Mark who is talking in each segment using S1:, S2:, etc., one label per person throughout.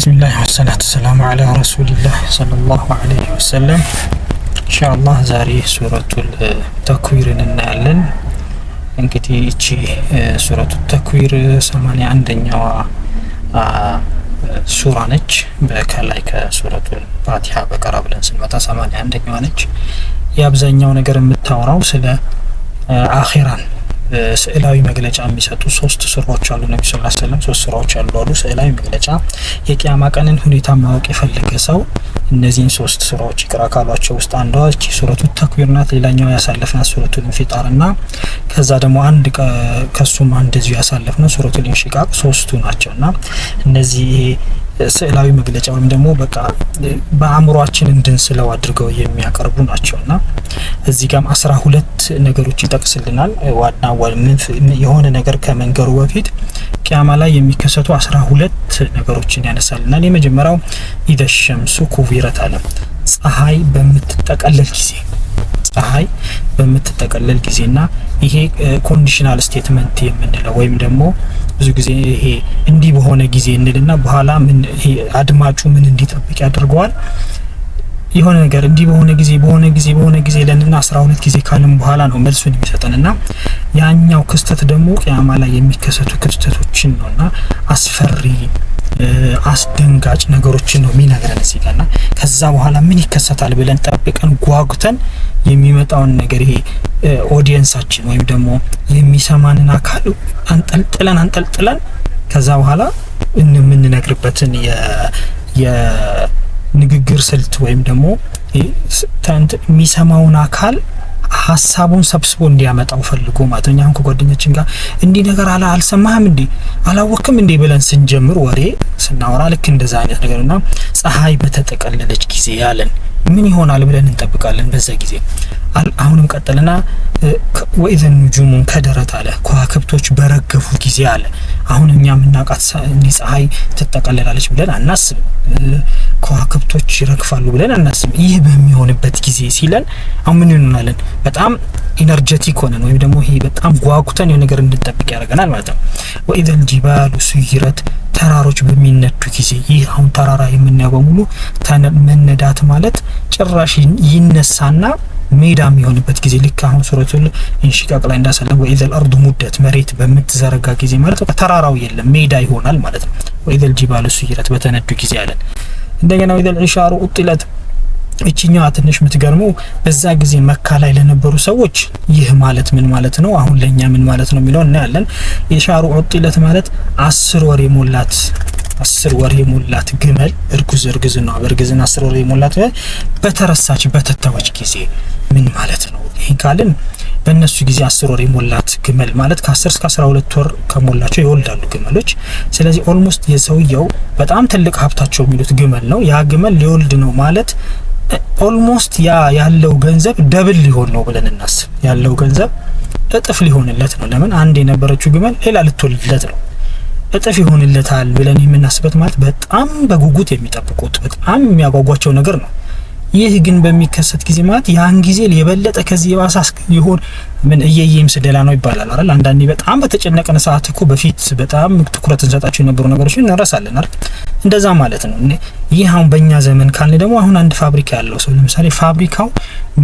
S1: ቢስሚላህ ወሰላቱ ሰላሙ አላ ረሱሊላህ ሰለላሁ አለይሂ ወሰለም። ኢንሻአላህ ዛሬ ሱረቱል ተክዊርን እናያለን። እንግዲህ እቺ ሱረቱ ተክዊር ሰማንያ አንደኛዋ ሱራ ነች። በከላይ ከሱረቱል ፋቲሃ በቀራ ብለን ስንመጣ ሰማንያ አንደኛዋ ነች። የአብዛኛው ነገር የምታወራው ስለ አኼራን ስዕላዊ መግለጫ የሚሰጡ ሶስት ስራዎች አሉ። ነቢ ስላ ስለም ሶስት ስራዎች አሉ አሉ። ስዕላዊ መግለጫ፣ የቅያማ ቀንን ሁኔታ ማወቅ የፈለገ ሰው እነዚህን ሶስት ስራዎች ይቅራ ካሏቸው ውስጥ አንዷ ሱረቱ ተክቢር ናት። ሌላኛው ያሳለፍና ሱረቱ ኢንፊጣር ና ከዛ ደግሞ አንድ ከሱም አንድ እዚሁ ያሳለፍነው ሱረቱ ኢንሽቃቅ ሶስቱ ናቸው እና እነዚህ ስዕላዊ መግለጫ ወይም ደግሞ በቃ በአእምሯችን እንድንስለው አድርገው የሚያቀርቡ ናቸው እና እዚህ ጋም አስራ ሁለት ነገሮች ይጠቅስልናል። ዋና የሆነ ነገር ከመንገሩ በፊት ቅያማ ላይ የሚከሰቱ አስራ ሁለት ነገሮችን ያነሳልናል። የመጀመሪያው ኢደሸምሱ ኩቪረት አለ ፀሐይ በምትጠቀለል ጊዜ ፀሐይ በምትጠቀለል ጊዜና ይሄ ኮንዲሽናል ስቴትመንት የምንለው ወይም ደግሞ ብዙ ጊዜ ይሄ እንዲህ በሆነ ጊዜ እንልና በኋላ ምን አድማጩ ምን እንዲጠብቅ ያደርገዋል። የሆነ ነገር እንዲህ በሆነ ጊዜ በሆነ ጊዜ በሆነ ጊዜ ለንና አስራ ሁለት ጊዜ ካለም በኋላ ነው መልሱን የሚሰጠን እና ያኛው ክስተት ደግሞ ቅያማ ላይ የሚከሰቱ ክስተቶችን ነው እና አስፈሪ አስደንጋጭ ነገሮችን ነው የሚነግረን እዚህ ጋር እና ከዛ በኋላ ምን ይከሰታል ብለን ጠብቀን ጓጉተን የሚመጣውን ነገር ይሄ ኦዲየንሳችን ወይም ደግሞ የሚሰማንን አካል አንጠልጥለን አንጠልጥለን ከዛ በኋላ የምንነግርበትን የንግግር ስልት ወይም ደግሞ የሚሰማውን አካል ሀሳቡን ሰብስቦ እንዲያመጣው ፈልጎ ማለት ነው። አሁን ከጓደኞችን ጋር እንዲህ ነገር አላ አልሰማህም እንዴ አላወቅም እንዴ ብለን ስንጀምር ወሬ ስናወራ ልክ እንደዛ አይነት ነገር እና ፀሐይ በተጠቀለለች ጊዜ ያለን ምን ይሆናል ብለን እንጠብቃለን በዛ ጊዜ አሁንም ቀጥልና ወኢዘን ኑጁሙን ከደረት አለ ከዋክብቶች በረገፉ ጊዜ አለ። አሁን እኛ የምናውቃት ፀሐይ ትጠቀለላለች ብለን አናስብም። ከዋክብቶች ይረግፋሉ ብለን አናስብም። ይህ በሚሆንበት ጊዜ ሲለን አሁን ምን እንሆናለን? በጣም ኢነርጀቲክ ሆነን ወይም ደግሞ ይሄ በጣም ጓጉተን የሆነ ነገር እንድንጠብቅ ያደርገናል ማለት ነው። ወኢዘል ጂባሉ ሱይረት ተራሮች በሚነዱ ጊዜ ይህ አሁን ተራራ የምናየው በሙሉ መነዳት ማለት ጭራሽ ይነሳና ሜዳ የሚሆንበት ጊዜ ልክ አሁን ሱረቱል ኢንሺቃቅ ላይ እንዳሰለም ወኢዘል አርዱ ሙደት መሬት በምትዘረጋ ጊዜ ማለት ተራራው የለም ሜዳ ይሆናል ማለት ነው። ወኢዘል ጂባሉ ሱይረት በተነዱ ጊዜ አለን። እንደገና ወኢዘል ኢሻሩ ኡጥለት እችኛዋ ትንሽ የምትገርመው በዛ ጊዜ መካ ላይ ለነበሩ ሰዎች ይህ ማለት ምን ማለት ነው፣ አሁን ለእኛ ምን ማለት ነው የሚለውን እናያለን። ኢሻሩ ኡጥለት ማለት አስር ወር የሞላት አስር ወር የሞላት ግመል እርጉዝ እርግዝና በእርግዝና አስር ወር የሞላት በተረሳች በተተወች ጊዜ ምን ማለት ነው? ይህን ካልን በእነሱ ጊዜ አስር ወር የሞላት ግመል ማለት ከአስር እስከ አስራ ሁለት ወር ከሞላቸው ይወልዳሉ ግመሎች። ስለዚህ ኦልሞስት የሰውየው በጣም ትልቅ ሀብታቸው የሚሉት ግመል ነው። ያ ግመል ሊወልድ ነው ማለት ኦልሞስት ያ ያለው ገንዘብ ደብል ሊሆን ነው ብለን እናስብ። ያለው ገንዘብ እጥፍ ሊሆንለት ነው። ለምን አንድ የነበረችው ግመል ሌላ ልትወልድለት ነው። እጥፍ ይሆንለታል ብለን የምናስበት ማለት በጣም በጉጉት የሚጠብቁት በጣም የሚያጓጓቸው ነገር ነው። ይህ ግን በሚከሰት ጊዜ ማለት ያን ጊዜ የበለጠ ከዚህ የባሳ ይሆን ምን እየየም ስደላ ነው ይባላል አይደል? አንዳንዴ በጣም በተጨነቀን ሰዓት እኮ በፊት በጣም ትኩረት እንሰጣቸው የነበሩ ነገሮች እንረሳለን አይደል? እንደዛ ማለት ነው። ይህ አሁን በእኛ ዘመን ካልን ደግሞ አሁን አንድ ፋብሪካ ያለው ሰው ለምሳሌ ፋብሪካው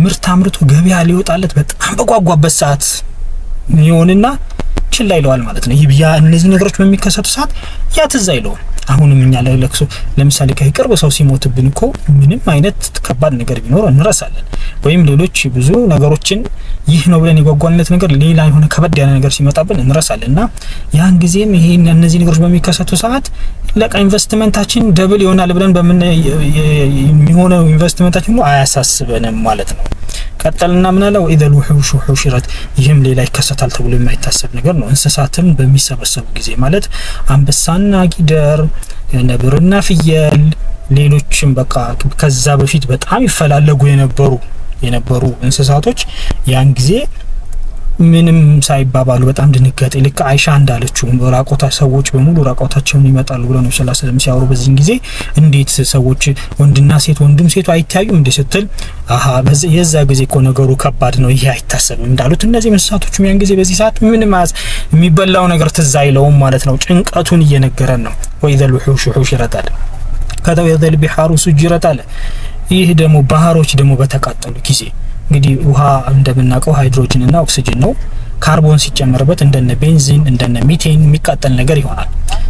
S1: ምርት አምርቶ ገበያ ሊወጣለት በጣም በጓጓበት ሰዓት ይሆንና ችላ ይለዋል ማለት ነው። ይህ ያ እነዚህ ነገሮች በሚከሰቱ ሰዓት ያ ትዝ አይለውም። አሁንም እኛ ለቅሶ ለምሳሌ ከቅርብ ሰው ሲሞትብን እኮ ምንም አይነት ከባድ ነገር ቢኖር እንረሳለን፣ ወይም ሌሎች ብዙ ነገሮችን ይህ ነው ብለን የጓጓንለት ነገር ሌላ የሆነ ከበድ ያለ ነገር ሲመጣብን እንረሳለን እና ያን ጊዜም ይሄ እነዚህ ነገሮች በሚከሰቱ ሰዓት ለቃ ኢንቨስትመንታችን ደብል ይሆናል ብለን በምን የሚሆነው ኢንቨስትመንታችን ሁሉ አያሳስበንም ማለት ነው። ቀጠልና ምን አለው ኢዘል ውሑሹ ሑሽረት፣ ይህም ሌላ ይከሰታል ተብሎ የማይታሰብ ነገር ነው። እንስሳትም በሚሰበሰቡ ጊዜ ማለት አንበሳና ጊደር፣ ነብርና ፍየል፣ ሌሎችም በቃ ከዛ በፊት በጣም ይፈላለጉ የነበሩ የነበሩ እንስሳቶች ያን ጊዜ ምንም ሳይባባሉ በጣም ድንጋጤ ልክ አይሻ እንዳለችው ራቆታ ሰዎች በሙሉ ራቆታቸውን ይመጣሉ ብለው ነው ስላ ስለም ሲያወሩ በዚህን ጊዜ እንዴት ሰዎች ወንድና ሴት ወንድም ሴቱ አይታዩም እንዴ ስትል አሀ የዛ ጊዜ እኮ ነገሩ ከባድ ነው፣ ይሄ አይታሰብም እንዳሉት እነዚህ እንስሳቶች ያን ጊዜ በዚህ ሰዓት ምንም የሚበላው ነገር ትዝ አይለውም ማለት ነው። ጭንቀቱን እየነገረን ነው። ወይዘ ውሑሽ ይረጣል ከተው የዘል ቢሓሩ ሱጅ ይረጣል ይህ ደግሞ ባህሮች ደግሞ በተቃጠሉ ጊዜ እንግዲህ ውሃ እንደምናውቀው ሃይድሮጅን እና ኦክሲጅን ነው። ካርቦን ሲጨመርበት እንደነ ቤንዚን እንደነ ሚቴን የሚቃጠል ነገር ይሆናል።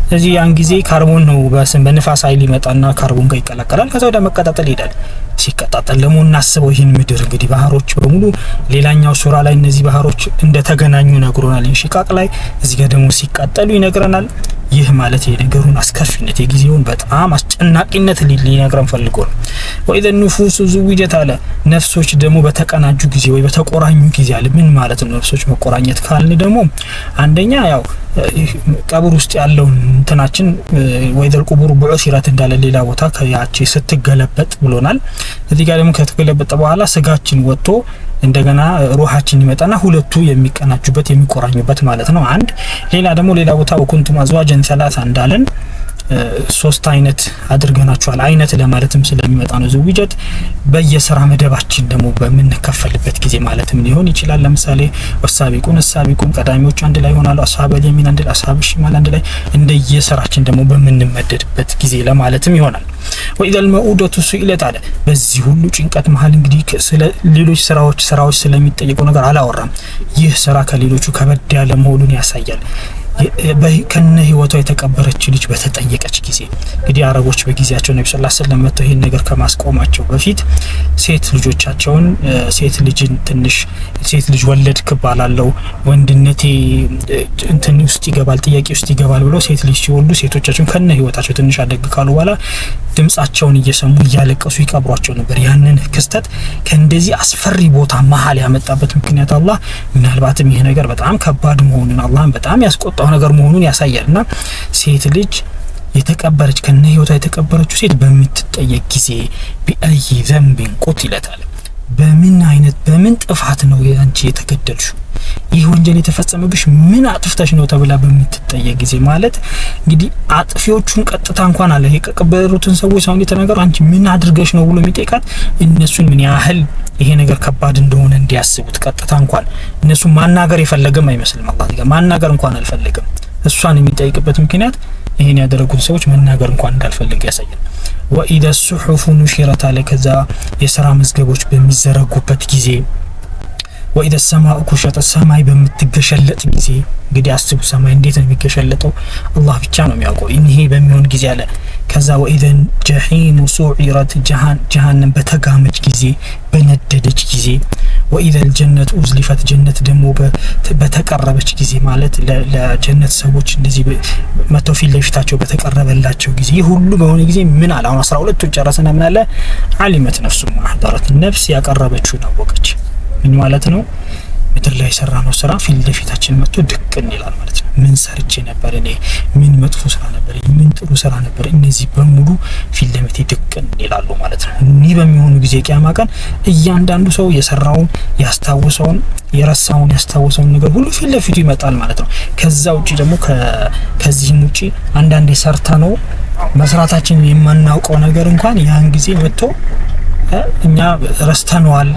S1: ስለዚህ ያን ጊዜ ካርቦን ነው በስም በንፋስ ኃይል ይመጣና ካርቦን ጋር ይቀላቀላል። ከዛ ወደ መቀጣጠል ይሄዳል። ሲቀጣጠል ደግሞ እናስበው ይህን ምድር እንግዲህ ባህሮች በሙሉ ሌላኛው ሱራ ላይ እነዚህ ባህሮች እንደተገናኙ ነግሮናል። ሽቃቅ ላይ እዚህ ጋር ደግሞ ሲቃጠሉ ይነግረናል። ይህ ማለት የነገሩን አስከፊነት የጊዜውን በጣም አስጨናቂነት ሊነግረን ፈልጎ ነው። ወይዘ ኑፉሱ ዝውጀት አለ። ነፍሶች ደግሞ በተቀናጁ ጊዜ ወይ በተቆራኙ ጊዜ አለ። ምን ማለት ነው? ነፍሶች መቆራኘት ካልን ደግሞ አንደኛ ያው ቀብር ውስጥ ያለውን እንትናችን ወይዘል ቁቡር ቡዑሲረት እንዳለ ሌላ ቦታ ከያቺ ስትገለበጥ ብሎናል። እዚህ ጋር ደግሞ ከተገለበጠ በኋላ ስጋችን ወጥቶ እንደገና ሩሃችን ይመጣና ሁለቱ የሚቀናጁበት የሚቆራኙበት ማለት ነው። አንድ ሌላ ደግሞ ሌላ ቦታ ወኩንቱም አዝዋጅ ሁለትን እንዳለን ሶስት አይነት አድርገናቸዋል። አይነት ለማለትም ስለሚመጣ ነው። ዝውጀት በየስራ መደባችን ደግሞ በምንከፈልበት ጊዜ ማለትም ሊሆን ይችላል። ለምሳሌ ወሳቢቁን እሳቢቁን ቀዳሚዎች አንድ ላይ ይሆናሉ። አስሀበ የሚን አንድ ላይ፣ አስሀበ ሽማል አንድ ላይ፣ እንደየስራችን ደግሞ በምንመደድበት ጊዜ ለማለትም ይሆናል። ወኢዘል መኡደቱ ሱኢለት አለ። በዚህ ሁሉ ጭንቀት መሀል እንግዲህ ስለ ሌሎች ስራዎች ስራዎች ስለሚጠየቁ ነገር አላወራም። ይህ ስራ ከሌሎቹ ከበድ ያለ መሆኑን ያሳያል። ከነ ህይወቷ የተቀበረች ልጅ በተጠየቀች ጊዜ እንግዲህ አረቦች በጊዜያቸው ነቢ ስላ ስለም መጥተው ይህን ነገር ከማስቆማቸው በፊት ሴት ልጆቻቸውን ሴት ልጅን ትንሽ ሴት ልጅ ወለድ ክባላለው ወንድነቴ እንትን ውስጥ ይገባል ጥያቄ ውስጥ ይገባል ብለው ሴት ልጅ ሲወልዱ ሴቶቻቸውን ከነ ህይወታቸው ትንሽ አደግ ካሉ በኋላ ድምጻቸውን እየሰሙ እያለቀሱ ይቀብሯቸው ነበር። ያንን ክስተት ከእንደዚህ አስፈሪ ቦታ መሀል ያመጣበት ምክንያት አላህ ምናልባትም ይህ ነገር በጣም ከባድ መሆኑን አላህን በጣም ያስቆጣ የሚያመጣው ነገር መሆኑን ያሳያል። እና ሴት ልጅ የተቀበረች ከነ ህይወቷ የተቀበረችው ሴት በምትጠየቅ ጊዜ ቢአይ ዘንብን ቁት ይለታል። በምን አይነት በምን ጥፋት ነው አንቺ የተገደልሽው? ይህ ወንጀል የተፈጸመብሽ ምን አጥፍተሽ ነው ተብላ በምትጠየቅ ጊዜ ማለት እንግዲህ አጥፊዎቹን ቀጥታ እንኳን አለ የቀበሩትን ሰዎች አሁን የተነገሩ አንቺ ምን አድርገሽ ነው ብሎ የሚጠይቃት እነሱን ምን ያህል ይሄ ነገር ከባድ እንደሆነ እንዲያስቡት ቀጥታ እንኳን እነሱ ማናገር የፈለገም አይመስልም። አላ ማናገር እንኳን አልፈለገም። እሷን የሚጠይቅበት ምክንያት ይህን ያደረጉት ሰዎች መናገር እንኳን እንዳልፈለገ ያሳያል። ወኢደ ሱሑፉ ኑሽረት አለ ከዛ የስራ መዝገቦች በሚዘረጉበት ጊዜ ወኢደ ሰማኡ ኩሸጠ ሰማይ በምትገሸለጥ ጊዜ እንግዲህ አስቡ፣ ሰማይ እንዴት ነው የሚገሸለጠው? አላህ ብቻ ነው የሚያውቀው። እኒሄ በሚሆን ጊዜ አለ ከዛ ወኢደን ጀሒሙ ሱዒረት ጀሃንም በተጋመች ጊዜ በነደደች ጊዜ ወኢደል ጀነቱ ኡዝሊፈት ጀነት ደግሞ በተቀረበች ጊዜ ማለት ለጀነት ሰዎች እንደዚህ መተው ፊት ለፊታቸው በተቀረበላቸው ጊዜ ይህ ሁሉ በሆነ ጊዜ ምን አለ? አሁን አስራ ሁለቱ ጨረስና ምን አለ? አሊመት ነፍሱ ማህደረት ነፍስ ያቀረበችውን አወቀች። ምን ማለት ነው? ምድር ላይ የሰራ ነው ስራ ፊት ለፊታችን መጥቶ ድቅን ይላል ማለት ነው። ምን ሰርቼ ነበር እኔ? ምን መጥፎ ስራ ነበር? ምን ጥሩ ስራ ነበር? እነዚህ በሙሉ ፊት ለፊቴ ድቅን ይላሉ ማለት ነው። እኒህ በሚሆኑ ጊዜ ቅያማ ቀን እያንዳንዱ ሰው የሰራውን ያስታወሰውን፣ የረሳውን ያስታወሰውን ነገር ሁሉ ፊት ለፊቱ ይመጣል ማለት ነው። ከዛ ውጭ ደግሞ ከዚህም ውጭ አንዳንዴ ሰርተ ነው መስራታችን የማናውቀው ነገር እንኳን ያን ጊዜ መጥቶ እኛ ረስተነዋል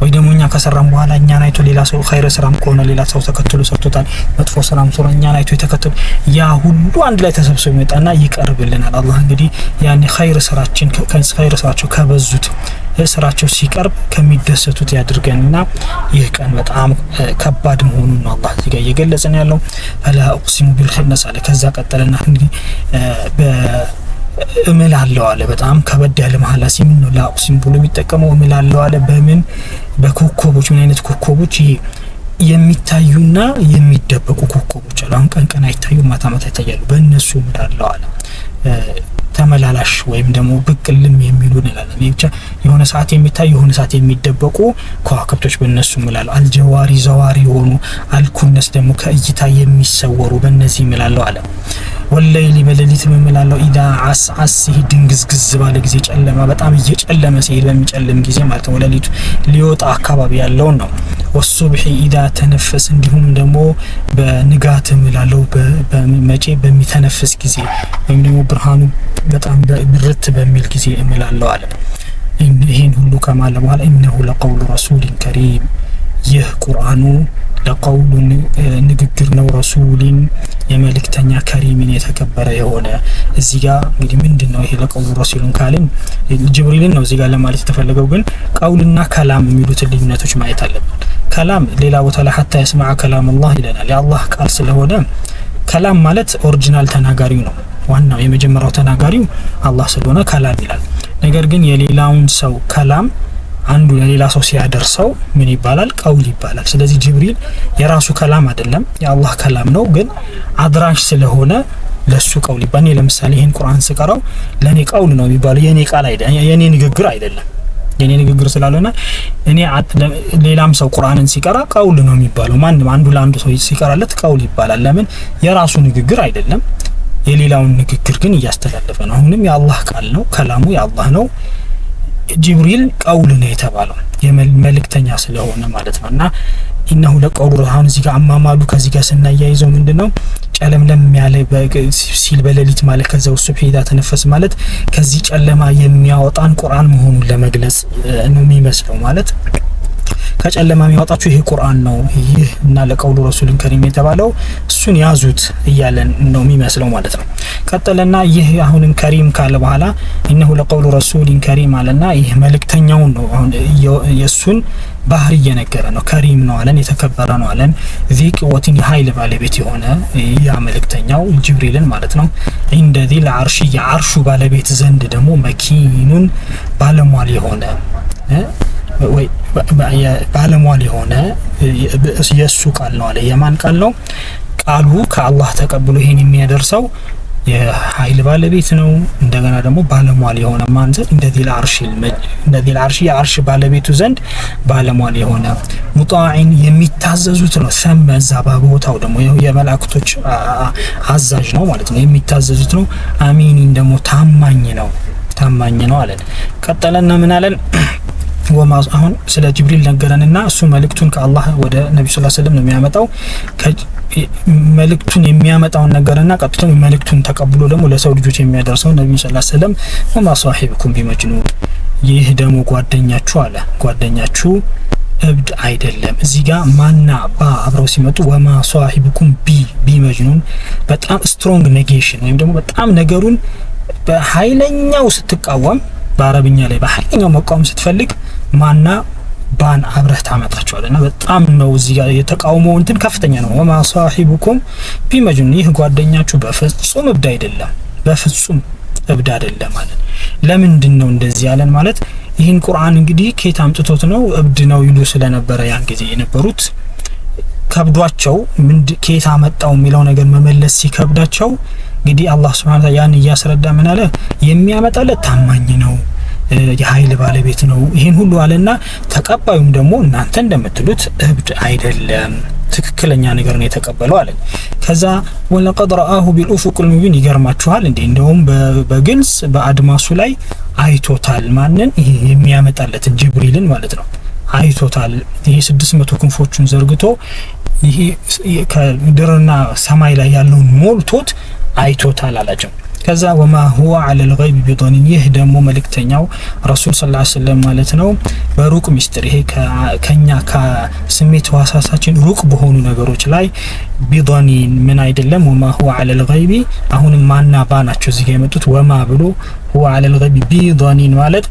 S1: ወይ ደግሞ እኛ ከሰራም በኋላ እኛን አይቶ ሌላ ሰው ኸይረ ስራም ከሆነ ሌላ ሰው ተከትሎ ሰርቶታል፣ መጥፎ ስራም ሱራ እኛን አይቶ የተከትሎ ያ ሁሉ አንድ ላይ ተሰብስቦ ይመጣና ይቀርብልናል። አላህ እንግዲህ ያኔ ኸይረ ስራችን ኸይረ ስራቸው ከበዙት ስራቸው ሲቀርብ ከሚደሰቱት ያድርገን እና ይህ ቀን በጣም ከባድ መሆኑን ነው አላህ እዚህ እየገለጽን ያለው። ፈላ ኡቅሲሙ ቢልኸነስ አለ። ከዛ ቀጠለና እንግዲህ እምል አለው አለ። በጣም ከበድ ያለ መሀላ ሲምን ነው ላቁ ብሎ የሚጠቀመው እምል አለው አለ። በምን በኮከቦች ምን አይነት ኮከቦች ይሄ የሚታዩና የሚደበቁ ኮከቦች አሉ። አሁን ቀን ቀን አይታዩ፣ ማታ ማታ ይታያሉ። በእነሱ እምል አለው አለ። ተመላላሽ ወይም ደግሞ ብቅልም የሚሉ እንላለን። ብቻ የሆነ ሰዓት የሚታይ የሆነ ሰዓት የሚደበቁ ከዋክብቶች በእነሱ እምላለሁ። አልጀዋሪ ዘዋሪ የሆኑ አልኩነስ ደግሞ ከእይታ የሚሰወሩ በእነዚህ እምላለሁ አለ። ወለይሊ በሌሊት እምላለሁ ኢዳ አስ ሲሄድ ድንግዝግዝ ባለ ጊዜ ጨለማ በጣም እየጨለመ ሲሄድ በሚጨልም ጊዜ ማለት ነው። ሌሊቱ ሊወጣ አካባቢ ያለውን ነው። ወሱብሒ ኢዳ ተነፈስ እንዲሁም ደግሞ በንጋት እምላለሁ መቼ በሚተነፍስ ጊዜ ወይም ደግሞ ብርሃኑ በጣም ብርት በሚል ጊዜ እምላለሁ አለ። ይህን ሁሉ ከማለ በኋላ ኢነሁ ለቀውሉ ረሱሊን ከሪም ይህ ቁርአኑ ለቀውሉ ንግግር ነው ረሱሊን የመልእክተኛ ከሪሚን የተከበረ የሆነ እዚህ ጋር እንግዲህ ምንድን ነው ይሄ ለቀውሉ ረሱሉን ካልን ጅብሪልን ነው እዚህ ጋር ለማለት የተፈለገው። ግን ቀውልና ከላም የሚሉትን ልዩነቶች ማየት አለብን። ከላም ሌላ ቦታ ላይ ሀታ የስማ ከላም አላህ ይለናል። የአላህ ቃል ስለሆነ ከላም ማለት ኦሪጂናል ተናጋሪው ነው። ዋናው የመጀመሪያው ተናጋሪው አላህ ስለሆነ ከላም ይላል። ነገር ግን የሌላውን ሰው ከላም አንዱ ለሌላ ሰው ሲያደርሰው ምን ይባላል? ቀውል ይባላል። ስለዚህ ጅብሪል የራሱ ከላም አይደለም፣ የአላህ ከላም ነው። ግን አድራሽ ስለሆነ ለሱ ቀውል ይባል። እኔ ለምሳሌ ይሄን ቁርአን ስቀራው ለኔ ቀውል ነው የሚባለው፣ የኔ ቃል አይደለም፣ የኔ ንግግር አይደለም። የኔ ንግግር ስላልሆነ እኔ ሌላም ሰው ቁርአንን ሲቀራ ቀውል ነው የሚባለው። ማንም አንዱ ለአንዱ ሰው ሲቀራለት ቀውል ይባላል። ለምን? የራሱ ንግግር አይደለም። የሌላውን ንግግር ግን እያስተላለፈ ነው። አሁንም የአላህ ቃል ነው፣ ከላሙ የአላህ ነው። ጅብሪል ቀውል ነው የተባለው የመልእክተኛ ስለሆነ ማለት ነው እና ኢነሁ ለቀውሉ አሁን እዚህ ጋር አማማሉ ከዚህ ጋር ስናያይዘው ምንድን ነው ጨለምለም ያለ ሲል በሌሊት ማለት ከዛ ውስጥ ሄዳ ተነፈስ ማለት ከዚህ ጨለማ የሚያወጣን ቁርአን መሆኑን ለመግለጽ ነው የሚመስለው ማለት ከጨለማ የሚያወጣችሁ ይሄ ቁርአን ነው ይህ እና ለቀውሉ ረሱልን ከሪም የተባለው እሱን ያዙት እያለን ነው የሚመስለው ማለት ነው። ቀጠለና ይህ አሁንም ከሪም ካለ በኋላ እነሁ ለቀውሉ ረሱሊን ከሪም አለና ይህ መልእክተኛውን ነው አሁን የእሱን ባህሪ እየነገረ ነው። ከሪም ነው አለን፣ የተከበረ ነው አለን። ዚ ቅወትን የሀይል ባለቤት የሆነ ያ መልእክተኛው ጅብሪልን ማለት ነው። እንደዚ ለአርሽ የአርሹ ባለቤት ዘንድ ደግሞ መኪኑን ባለሟል የሆነ ወይ ባለሟል የሆነ የእሱ ቃል ነው አለ። የማን ቃል ነው? ቃሉ ከአላህ ተቀብሎ ይሄን የሚያደርሰው የኃይል ባለቤት ነው። እንደገና ደግሞ ባለሟል የሆነ ማን ዘንድ እንደዚል አርሽ እንደዚል አርሽ የአርሽ ባለቤቱ ዘንድ ባለሟል የሆነ ሙጣዒን የሚታዘዙት ነው። ሰመ እዛ በቦታው ደግሞ የመላእክቶች አዛዥ ነው ማለት ነው፣ የሚታዘዙት ነው። አሚኒን ደግሞ ታማኝ ነው ታማኝ ነው አለን። ቀጠለና ምን አለን? ወማዝ አሁን ስለ ጅብሪል ነገረንና እሱ መልእክቱን ከአላህ ወደ ነቢ ስ ስለም ነው የሚያመጣው። መልእክቱን የሚያመጣውን ነገርና ቀጥቶ መልእክቱን ተቀብሎ ደግሞ ለሰው ልጆች የሚያደርሰው ነቢ ስ ስለም ወማ ሳሒብኩም ቢመጅኑ ይህ ደግሞ ጓደኛችሁ አለ ጓደኛችሁ እብድ አይደለም። እዚህ ጋር ማና ባ አብረው ሲመጡ ወማ ሳሒብኩም ቢ ቢመጅኑን በጣም ስትሮንግ ኔጌሽን ወይም ደግሞ በጣም ነገሩን በኃይለኛው ስትቃወም በአረብኛ ላይ በሀይለኛው መቃወም ስትፈልግ ማና ባን አብረህ ታመጣቸዋል እና በጣም ነው እዚህ ጋር የተቃውሞ እንትን ከፍተኛ ነው። ወማ ሳሒቡኩም ቢመጅኑን ይህ ጓደኛችሁ በፍጹም እብድ አይደለም፣ በፍጹም እብድ አይደለም ማለት ለምንድን ነው እንደዚህ ያለን ማለት ይህን ቁርአን እንግዲህ ኬት አምጥቶት ነው እብድ ነው ይሉ ስለነበረ ያን ጊዜ የነበሩት ከብዷቸው ምንድ ኬት አመጣው የሚለው ነገር መመለስ ሲከብዳቸው እንግዲህ አላህ ስብሐነ ተዓላ ያን እያስረዳ ምን አለ? የሚያመጣለት ታማኝ ነው፣ የኃይል ባለቤት ነው። ይህን ሁሉ አለና ተቀባዩም ደግሞ እናንተ እንደምትሉት እብድ አይደለም፣ ትክክለኛ ነገር ነው የተቀበለው አለ። ከዛ ወለቀድ ረአሁ ቢልኡፉቁል ልሙቢን ይገርማችኋል እንዴ! እንደውም በግልጽ በአድማሱ ላይ አይቶታል። ማንን? ይሄ የሚያመጣለትን ጅብሪልን ማለት ነው አይቶታል። ይሄ ስድስት መቶ ክንፎቹን ዘርግቶ ይሄ ከምድርና ሰማይ ላይ ያለውን ሞልቶት አይቶታል አላቸው። ከዛ ወማ ሁዋ አለል ገይብ ቢጦን ይህ ደግሞ መልእክተኛው ረሱል ስላ ስለም ማለት ነው። በሩቅ ሚስጥር ይሄ ከኛ ከስሜት ህዋሳታችን ሩቅ በሆኑ ነገሮች ላይ ቢኒን ምን አይደለም። ወማ ሁወ አለል ይቢ አሁንም ማና ባ ናቸው እዚህ የመጡት ወማ ብሎ ሁወ አለል ገይብ ቢጦን ማለት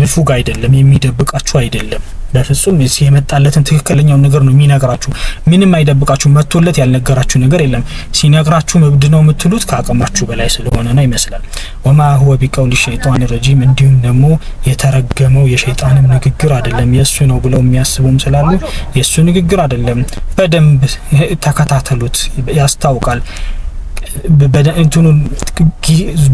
S1: ንፉግ አይደለም፣ የሚደብቃችሁ አይደለም በፍጹም የመጣለትን ትክክለኛውን ነገር ነው የሚነግራችሁ። ምንም አይደብቃችሁ። መቶለት ያልነገራችሁ ነገር የለም። ሲነግራችሁ እብድ ነው የምትሉት ከአቅማችሁ በላይ ስለሆነ ነው ይመስላል። ወማ ሁወ ቢቀውል ሸይጣን ረጂም፣ እንዲሁም ደግሞ የተረገመው የሸይጣንም ንግግር አይደለም የእሱ ነው ብለው የሚያስቡም ስላሉ የእሱ ንግግር አይደለም። በደንብ ተከታተሉት፣ ያስታውቃል። እንትኑን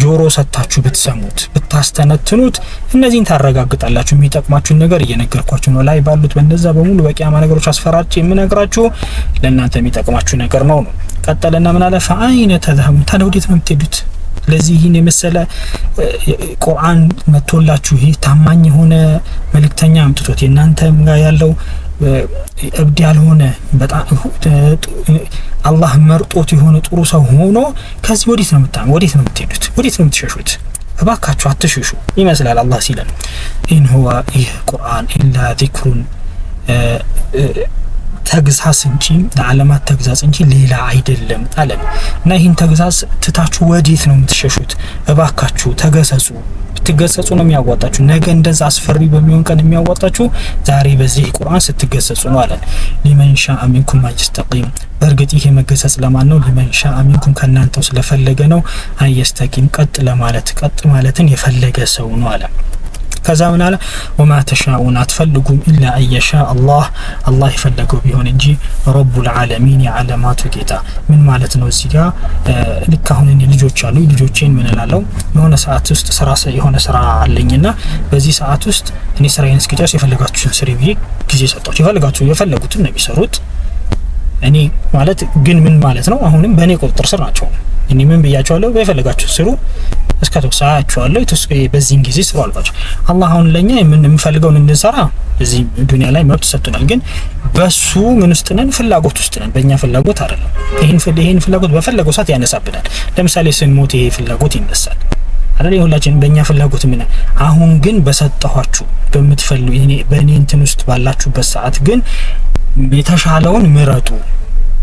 S1: ጆሮ ሰጥታችሁ ብትሰሙት ብታስተነትኑት እነዚህን ታረጋግጣላችሁ። የሚጠቅማችሁን ነገር እየነገርኳችሁ ነው። ላይ ባሉት በነዛ በሙሉ በቂያማ ነገሮች አስፈራጭ የምነግራችሁ ለእናንተ የሚጠቅማችሁ ነገር ነው ነው ቀጠለና ምን አለ ፈአይነ ተዝሀቡ ታዲያ ወዴት ነው የምትሄዱት? ለዚህ ይህን የመሰለ ቁርአን መጥቶላችሁ ይህ ታማኝ የሆነ መልእክተኛ አምጥቶት የእናንተ ጋር ያለው እብድ ያልሆነ አላህ መርጦት የሆነ ጥሩ ሰው ሆኖ ከዚህ ወዴት ነው ምታ ወዴት ነው የምትሄዱት? ወዴት ነው የምትሸሹት? እባካችሁ አትሸሹ ይመስላል አላህ ሲለን ኢን ሁዋ ይህ ቁርአን ኢላ ዚክሩን ተግሳጽ እንጂ ለዓለማት ተግሳጽ እንጂ ሌላ አይደለም አለን እና ይህን ተግሳጽ ትታችሁ ወዴት ነው የምትሸሹት? እባካችሁ ተገሰጹ። ብትገሰጹ ነው የሚያዋጣችሁ። ነገ እንደዛ አስፈሪ በሚሆን ቀን የሚያዋጣችሁ ዛሬ በዚህ ቁርአን ስትገሰጹ ነው አለን። ሊመን ሻአ ሚንኩም አንየስተቂም። በእርግጥ ይሄ መገሰጽ ለማን ነው? ሊመን ሻአ ሚንኩም ከእናንተው ስለፈለገ ነው። አይስተቂም ቀጥ ለማለት ቀጥ ማለትን የፈለገ ሰው ነው አለን። ከዛ ምን አለ ወማ ተሻኡን አትፈልጉም ኢላ አየሻ አላህ አላህ የፈለገው ቢሆን እንጂ ረቡል ዓለሚን የዓለማቱ ጌታ። ምን ማለት ነው? እዚህ ጋር ልክ አሁን እኔ ልጆች አሉ ልጆቼን ምን እላለሁ የሆነ ሰዓት ውስጥ ስራ የሆነ ስራ አለኝና በዚህ ሰዓት ውስጥ እኔ ስራዬን እስክጨርስ የፈለጋችሁትን ስሪ ብዬ ጊዜ ሰጣችሁ። የፈለጋችሁ የፈለጉትን ነው የሚሰሩት። እኔ ማለት ግን ምን ማለት ነው? አሁንም በእኔ ቁጥጥር ስር ናቸው። እኔ ምን ብያቸዋለሁ? የፈለጋችሁ ስሩ እስከ ተኩስ አያቸዋለሁ። በዚህን ጊዜ ስሩ አልኳቸው። አላህ አሁን ለእኛ የምንፈልገውን እንድንሰራ እዚህ ዱኒያ ላይ መብት ሰጥቶናል። ግን በሱ ምን ውስጥ ነን? ፍላጎት ውስጥ ነን። በእኛ ፍላጎት አይደለም። ይህን ፍላጎት በፈለገው ሰዓት ያነሳብናል። ለምሳሌ ስንሞት ይሄ ፍላጎት ይነሳል አይደል? የሁላችን በእኛ ፍላጎት ምን። አሁን ግን በሰጠኋችሁ በምትፈልጉ በእኔ እንትን ውስጥ ባላችሁበት ሰዓት ግን የተሻለውን ምረጡ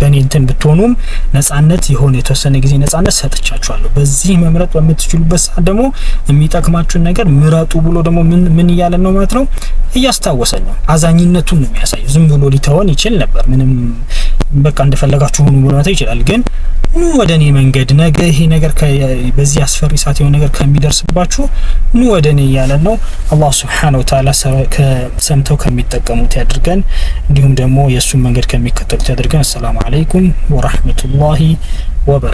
S1: በእኔ እንትን ብትሆኑም ነጻነት የሆነ የተወሰነ ጊዜ ነጻነት ሰጥቻችኋለሁ። በዚህ መምረጥ በምትችሉበት ሰዓት ደግሞ የሚጠቅማችሁን ነገር ምረጡ ብሎ ደግሞ ምን ምን እያለን ነው ማለት ነው እያስታወሰን ነው። አዛኝነቱን ነው የሚያሳየው። ዝም ብሎ ሊተወን ይችል ነበር ምንም በቃ እንደፈለጋችሁ ሁኑ ብሎ ይችላል። ግን ኑ ወደ እኔ መንገድ ነገ ይሄ ነገር በዚህ አስፈሪ ሰዓት የሆነ ነገር ከሚደርስባችሁ ኑ ወደ እኔ እያለን ነው። አላህ ስብሓነሁ ወተዓላ ሰምተው ከሚጠቀሙት ያድርገን፣ እንዲሁም ደግሞ የእሱን መንገድ ከሚከተሉት ያድርገን። አሰላሙ አለይኩም ወራህመቱላሂ ወበረካቱ።